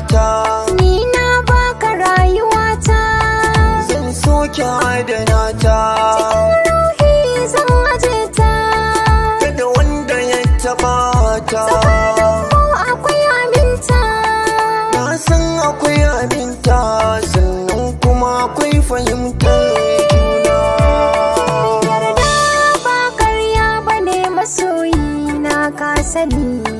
Nina baka rayuwata. ta Zan soke adana ta Cikin zan aje ta Kada wanda ya taba ta akwai aminta Na san akwai aminta sannan kuma akwai fahimtar juna Yarda ba karya bane masoyi na ka sani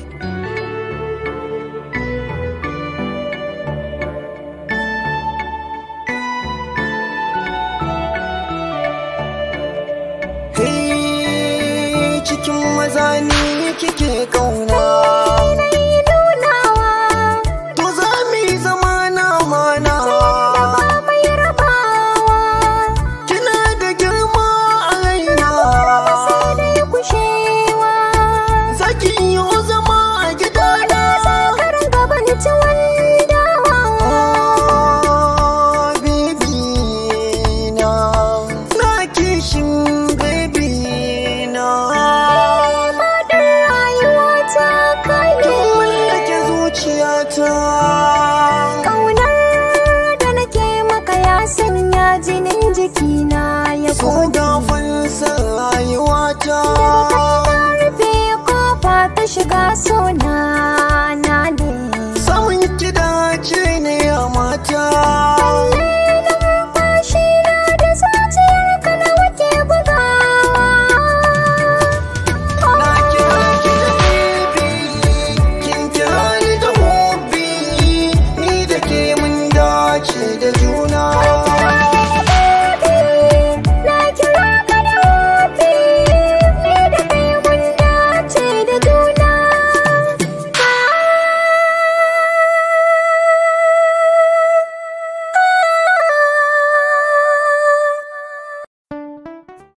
cikin maza ne kike kauna ta shiga sona